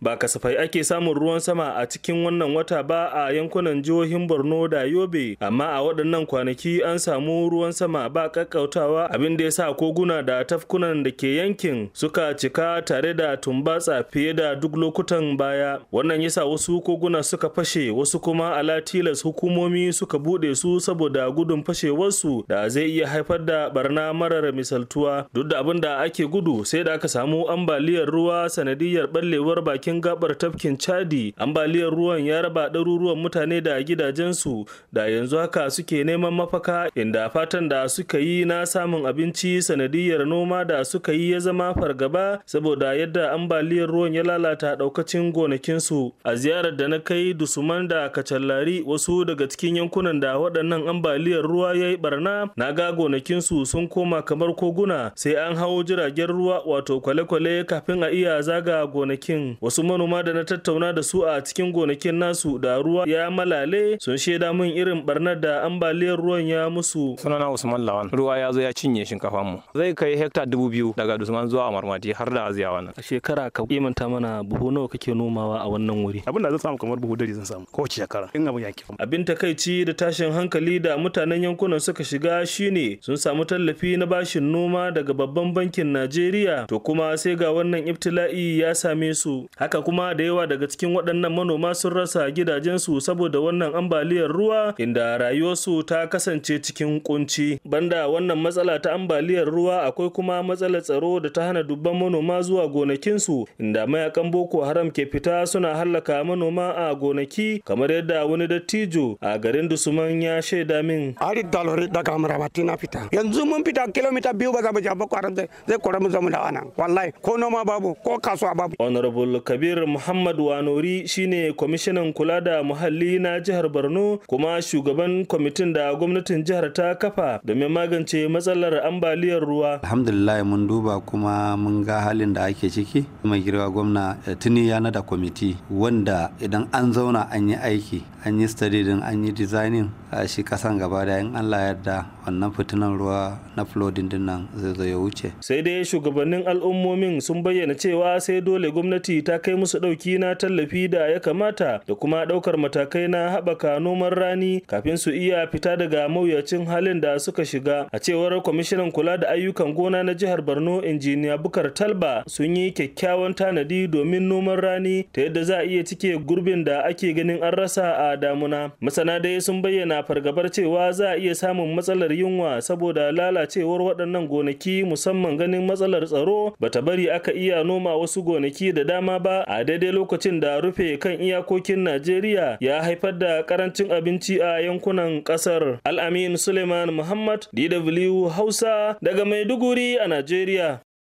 ba kasafai ake samun ruwan sama a cikin wannan wata ba a yankunan jihohin borno da yobe amma a waɗannan kwanaki an samu ruwan sama ba kakkautawa abin da ya sa koguna da tafkunan da ke yankin suka cika tare da tumbatsa fiye da duk lokutan baya wannan yasa wasu koguna suka fashe wasu kuma ala tilas hukumomi suka buɗe su saboda gudun fashewarsu da zai iya haifar da barna marar misaltuwa duk da abin da ake gudu sai da aka samu ambaliyar ruwa sanadiyar ɓallewar baki. bakin gabar tafkin chadi ambaliyar ruwan ya raba ɗaruruwan mutane da gidajensu da yanzu haka suke neman mafaka inda fatan da suka yi na samun abinci sanadiyar noma da suka yi ya zama fargaba saboda yadda ambaliyar ruwan ya lalata ɗaukacin gonakinsu a ziyarar da na kai dusuman da kacallari wasu daga cikin yankunan da waɗannan ambaliyar ruwa ya yi barna na ga gonakinsu sun koma kamar koguna sai an hau jiragen ruwa wato kwale-kwale kafin a iya zaga gonakin wasu wasu manoma da na tattauna da su a cikin gonakin nasu da ruwa ya malale sun shaida min irin barnar da ambaliyar ruwan ya musu sunana usman lawan ruwa ya zo ya cinye shinkafa mu zai kai hekta dubu biyu daga dusman zuwa Marmadi har da aziya wannan. a shekara ka imanta mana buhu nawa kake nomawa a wannan wuri abin da zan samu kamar buhu dari zan samu K'o shekara in abin ya abin takaici da tashin hankali da mutanen yankunan suka shiga shine sun samu tallafi na bashin noma daga babban bankin Najeriya to kuma sai ga wannan iftila'i ya same su haka kuma da yawa daga cikin waɗannan manoma sun rasa gidajensu saboda wannan ambaliyar ruwa inda rayuwarsu ta kasance cikin kunci banda wannan matsala ta ambaliyar ruwa akwai kuma matsalar tsaro da ta hana dubban manoma zuwa gonakinsu inda mayakan boko haram ke fita suna hallaka manoma a gonaki kamar yadda wani dattijo a garin dusuman ya shaida min ari dalori daga amravati na fita yanzu mun fita kilomita biyu ba za mu je boko zai kora mu zamu da anan wallahi ko noma babu ko kasuwa babu honorable Kabir Muhammad Wanori shine kwamishinan kula da muhalli na jihar Borno kuma shugaban kwamitin da gwamnatin jihar ta kafa domin magance matsalar ambaliyar ruwa. Alhamdulillah mun duba kuma mun ga halin da ake ciki. Mai girwa gwamna eh, tuni ya nada kwamiti wanda idan an zauna an yi aiki, an yi study din an yi designing shi kasan gaba da in Allah yarda wannan fitinan ruwa na flooding din nan zai zo ya wuce. Sai dai shugabannin al'ummomin sun bayyana cewa sai dole gwamnati ta kai musu ɗauki na tallafi da ya kamata da kuma ɗaukar matakai na haɓaka noman rani kafin su iya fita daga mawuyacin halin da suka shiga. A cewar kwamishinan kula da ayyukan gona na jihar Borno injiniya Bukar Talba sun yi kyakkyawan tanadi domin noman rani ta yadda za a iya cike gurbin da ake ganin an rasa a damuna. Masana dai sun bayyana fargabar cewa za a iya samun matsalar yunwa saboda lalacewar waɗannan gonaki musamman ganin matsalar tsaro bata bari aka iya noma wasu gonaki da dama ba a daidai lokacin da rufe kan iyakokin Najeriya ya haifar da karancin abinci a yankunan ƙasar. Al'amin Suleiman Muhammad DW Hausa daga Maiduguri a Najeriya.